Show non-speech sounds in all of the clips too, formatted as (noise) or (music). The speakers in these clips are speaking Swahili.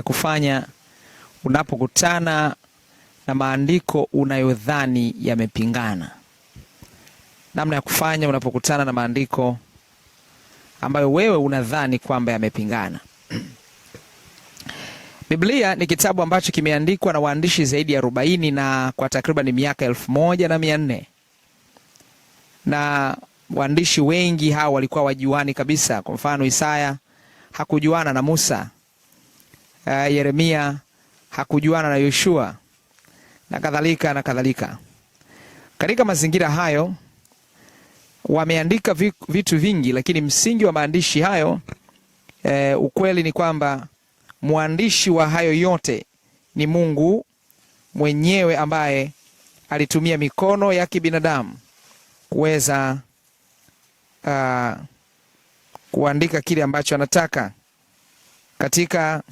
ya kufanya unapokutana na maandiko unayodhani yamepingana. Namna ya kufanya unapokutana na maandiko ambayo wewe unadhani kwamba yamepingana. (clears throat) Biblia ni kitabu ambacho kimeandikwa na waandishi zaidi ya arobaini na kwa takriban miaka elfu moja na mia nne na waandishi wengi hao walikuwa wajuani kabisa. Kwa mfano, Isaya hakujuana na Musa uh, Yeremia hakujuana na Yoshua na kadhalika na kadhalika. Katika mazingira hayo wameandika vitu vingi, lakini msingi wa maandishi hayo uh, ukweli ni kwamba mwandishi wa hayo yote ni Mungu mwenyewe ambaye alitumia mikono ya kibinadamu kuweza uh, kuandika kile ambacho anataka katika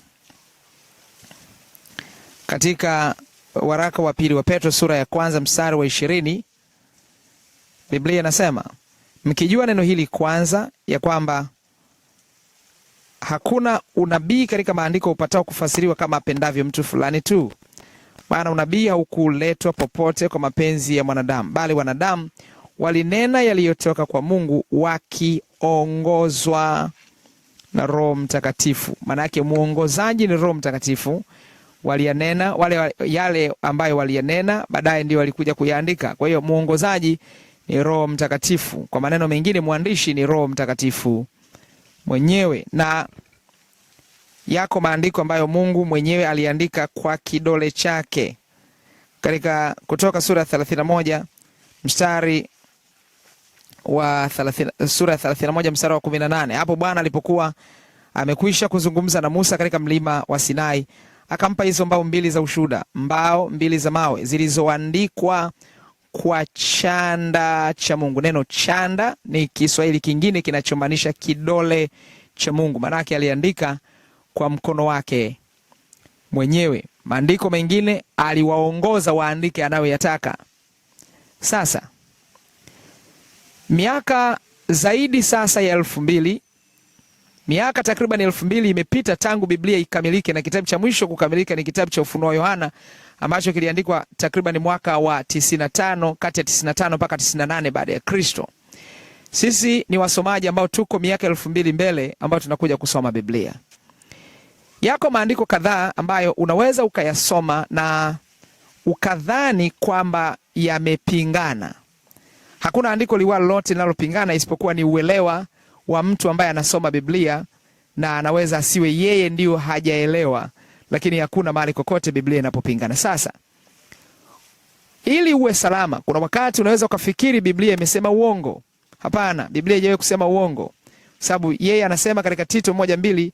katika waraka wa pili wa Petro sura ya kwanza mstari wa ishirini Biblia inasema mkijua neno hili kwanza, ya kwamba hakuna unabii katika maandiko upatao kufasiriwa kama apendavyo mtu fulani tu, maana unabii haukuletwa popote kwa mapenzi ya mwanadamu, bali wanadamu walinena yaliyotoka kwa Mungu wakiongozwa na Roho Mtakatifu. Maana yake mwongozaji ni Roho Mtakatifu walianena wale yale ambayo walianena baadaye ndio walikuja kuyaandika. Kwa hiyo mwongozaji ni Roho Mtakatifu. Kwa maneno mengine, mwandishi ni Roho Mtakatifu mwenyewe, na yako maandiko ambayo Mungu mwenyewe aliandika kwa kidole chake katika Kutoka sura 31 mstari wa 30, sura 31 mstari wa 18. Hapo Bwana alipokuwa amekwisha kuzungumza na Musa katika mlima wa Sinai akampa hizo mbao mbili za ushuda mbao mbili za mawe zilizoandikwa kwa chanda cha Mungu. Neno chanda ni Kiswahili kingine kinachomaanisha kidole cha Mungu, maanake aliandika kwa mkono wake mwenyewe. Maandiko mengine aliwaongoza waandike anayoyataka. Sasa miaka zaidi sasa ya elfu mbili Miaka takriban elfu mbili imepita tangu Biblia ikamilike na kitabu cha mwisho kukamilika ni kitabu cha Ufunuo wa Yohana ambacho kiliandikwa takriban mwaka wa 95 kati ya 95 mpaka 98 baada ya Kristo. Sisi ni wasomaji ambao tuko miaka elfu mbili mbele ambao tunakuja kusoma Biblia. Yako maandiko kadhaa ambayo unaweza ukayasoma na ukadhani kwamba yamepingana. Hakuna andiko liwalo lote linalopingana isipokuwa ni uelewa wa mtu ambaye anasoma Biblia na anaweza asiwe yeye ndio hajaelewa, lakini hakuna mahali kokote Biblia inapopingana. Sasa ili uwe salama, kuna wakati unaweza ukafikiri Biblia imesema uongo. Hapana, Biblia haijawahi kusema uongo, sababu yeye anasema katika Tito moja mbili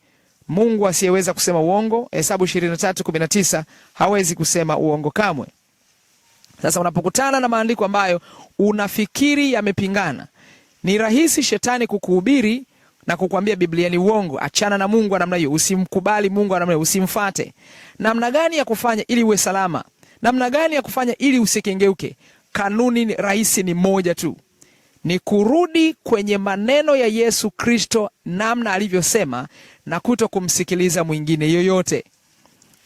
Mungu asiyeweza kusema uongo, Hesabu ishirini na na tatu kumi tisa hawezi kusema uongo kamwe. Sasa unapokutana na maandiko ambayo unafikiri yamepingana, ni rahisi shetani kukuhubiri na kukwambia Biblia ni uongo, achana na Mungu wa namna hiyo, usimkubali Mungu wa namna hiyo, usimfate. Namna gani ya kufanya ili uwe salama? Namna gani ya kufanya ili usikengeuke? Kanuni rahisi ni moja tu, ni kurudi kwenye maneno ya Yesu Kristo namna alivyosema na kuto kumsikiliza mwingine yoyote.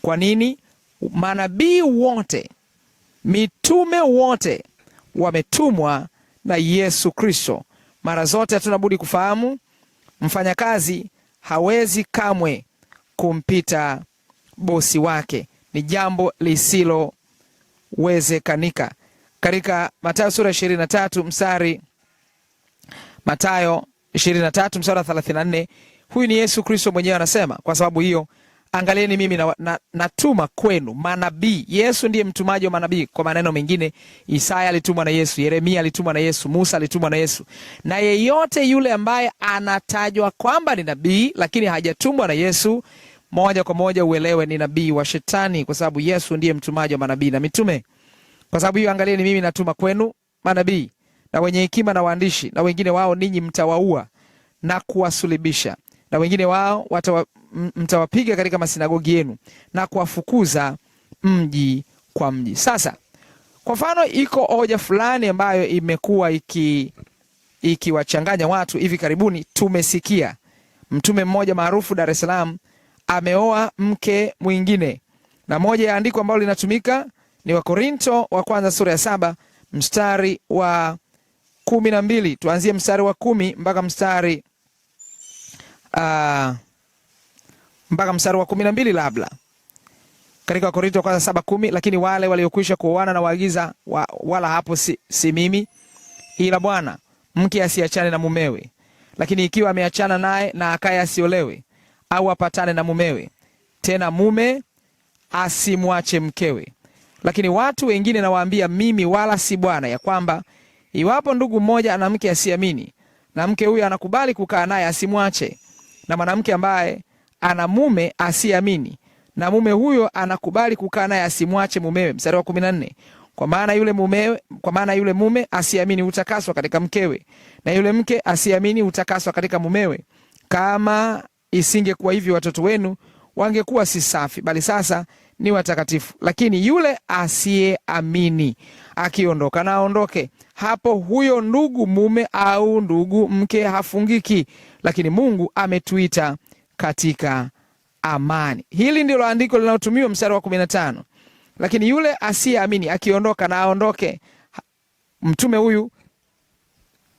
Kwa nini? Manabii wote mitume wote wametumwa na Yesu Kristo mara zote hatuna budi kufahamu mfanyakazi hawezi kamwe kumpita bosi wake, ni jambo lisilowezekanika. Katika matayo sura 23 mstari Mathayo 23 mstari wa 34, huyu ni Yesu Kristo mwenyewe anasema, kwa sababu hiyo angalieni mimi na, na, natuma kwenu manabii. Yesu ndiye mtumaji wa manabii. Kwa maneno mengine, Isaya alitumwa na Yesu, Yeremia alitumwa na Yesu, Musa alitumwa na Yesu, na yeyote yule ambaye anatajwa kwamba ni nabii lakini hajatumwa na Yesu, moja kwa moja uelewe ni nabii wa Shetani, kwa sababu Yesu ndiye mtumaji wa manabii na mitume. Kwa sababu hiyo, angalieni mimi natuma kwenu manabii na wenye hekima na waandishi, na wengine wao ninyi mtawaua na kuwasulibisha na wengine wao watawa, mtawapiga katika masinagogi yenu na kuwafukuza mji kwa mji. Sasa kwa mfano, iko hoja fulani ambayo imekuwa iki ikiwachanganya watu. Hivi karibuni tumesikia mtume mmoja maarufu Dar es Salaam ameoa mke mwingine, na moja ya andiko ambalo linatumika ni Wakorinto wa kwanza sura ya saba mstari wa kumi na mbili. Tuanzie mstari wa kumi mpaka mstari uh, mpaka mstari wa kumi na mbili labda katika Wakorinto wa kwanza saba kumi lakini wale waliokwisha kuoana na waagiza wa, wala hapo si, si mimi ila Bwana, mke asiachane na mumewe. Lakini ikiwa ameachana naye na akaye, asiolewe au apatane na mumewe tena, mume asimwache mkewe. Lakini watu wengine nawaambia mimi, wala si Bwana, ya kwamba iwapo ndugu mmoja ana mke asiamini, na mke huyo anakubali kukaa naye, asimwache na mwanamke ambaye ana mume asiamini na mume huyo anakubali kukaa naye asimwache mumewe. Mstari wa kumi kwa maana yule mume, kwa maana yule mume asiamini utakaswa katika mkewe, na yule mke asiamini utakaswa katika mumewe. Kama isingekuwa hivyo, watoto wenu wangekuwa si safi, bali sasa ni watakatifu, lakini yule asiyeamini akiondoka na aondoke hapo. Huyo ndugu mume au ndugu mke hafungiki, lakini Mungu ametuita katika amani. Hili ndilo andiko linalotumiwa mstari wa kumi na tano. Lakini yule asiyeamini akiondoka na aondoke. Mtume huyu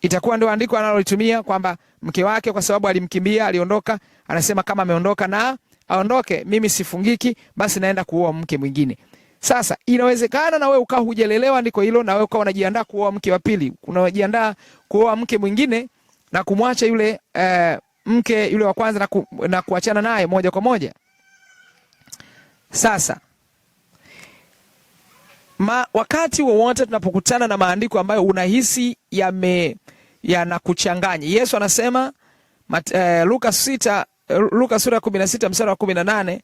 itakuwa ndio andiko analolitumia kwamba mke wake, kwa sababu alimkimbia, aliondoka, anasema kama ameondoka na aondoke, mimi sifungiki, basi naenda kuoa mke mwingine. Sasa inawezekana na wewe ukawa hujalelewa ndiko hilo, na wewe ukawa unajiandaa kuoa mke wa pili, unajiandaa kuoa mke mwingine na kumwacha yule eh, mke yule wa kwanza na, ku, na kuachana naye moja kwa moja. Sasa ma, wakati wowote tunapokutana na maandiko ambayo unahisi yame yanakuchanganya, Yesu anasema mat, eh, Luka sita Eh, Luka sura ya 16 mstari wa 18,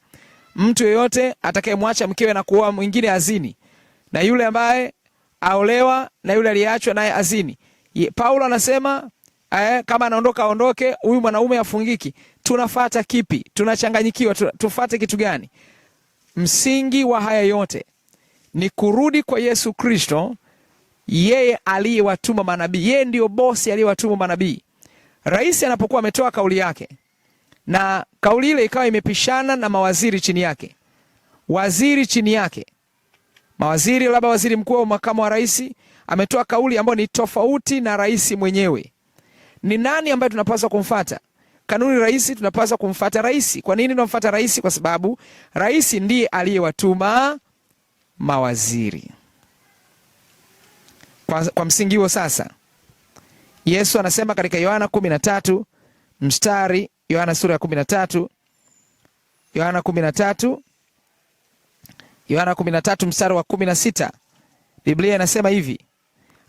mtu yeyote atakayemwacha mkewe na kuoa mwingine azini, na yule ambaye aolewa na yule aliyeachwa naye azini. Ye, Paulo anasema eh, kama anaondoka aondoke, huyu mwanaume afungiki. Tunafata kipi? Tunachanganyikiwa, tufate kitu gani? Msingi wa haya yote ni kurudi kwa Yesu Kristo, yeye aliyewatuma manabii. Yeye ndiyo bosi aliyewatuma manabii. Rais anapokuwa ametoa kauli yake na kauli ile ikawa imepishana na mawaziri chini yake, waziri chini yake, mawaziri labda waziri mkuu au makamu wa rais ametoa kauli ambayo ni tofauti na rais mwenyewe. Ni nani ambaye tunapaswa kumfata? Kanuni rais, tunapaswa kumfata rais. Kwa nini tunamfata rais? Kwa sababu rais ndiye aliyewatuma mawaziri. Kwa, kwa msingi huo sasa Yesu anasema katika Yohana 13 mstari Yohana sura ya kumi na tatu Yohana kumi na tatu Yohana kumi na tatu mstari wa kumi na sita Biblia inasema hivi: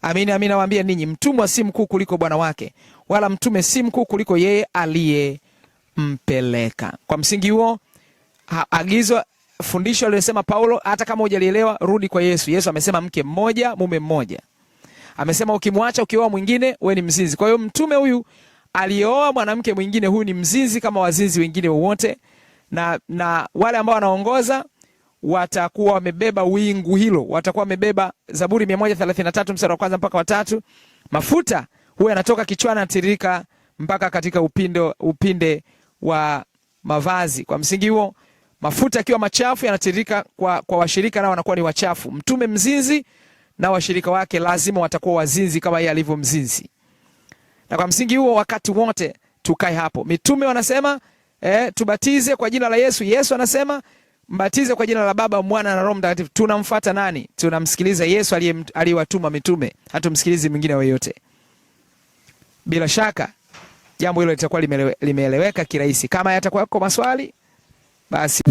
Amini amini nawaambia ninyi, mtumwa si mkuu kuliko bwana wake, wala mtume si mkuu kuliko yeye aliyempeleka. Kwa msingi huo agizo fundisho aliyosema Paulo, hata kama hujalielewa rudi kwa Yesu. Yesu amesema mke mmoja mume mmoja, amesema ukimwacha ukioa mwingine we ni mzinzi. Kwa hiyo mtume huyu alioa mwanamke mwingine, huyu ni mzinzi kama wazinzi wengine wowote, na, na wale ambao wanaongoza watakuwa wamebeba wingu hilo, watakuwa wamebeba Zaburi 133 mstari wa kwanza mpaka watatu. Mafuta huwa yanatoka kichwani anatiririka mpaka katika upindo, upinde wa mavazi. Kwa msingi huo mafuta akiwa machafu yanatiririka kwa, kwa washirika nao wanakuwa ni wachafu. Mtume mzinzi na washirika wake lazima watakuwa wazinzi kama yeye alivyo mzinzi. Na kwa msingi huo wakati wote tukae hapo. Mitume wanasema eh, tubatize kwa jina la Yesu. Yesu anasema mbatize kwa jina la Baba, Mwana na Roho Mtakatifu. Tunamfuata nani? Tunamsikiliza Yesu aliyewatuma mitume, hatumsikilizi mwingine yoyote. Bila shaka jambo hilo litakuwa limeeleweka kirahisi. Kama yatakuwako maswali basi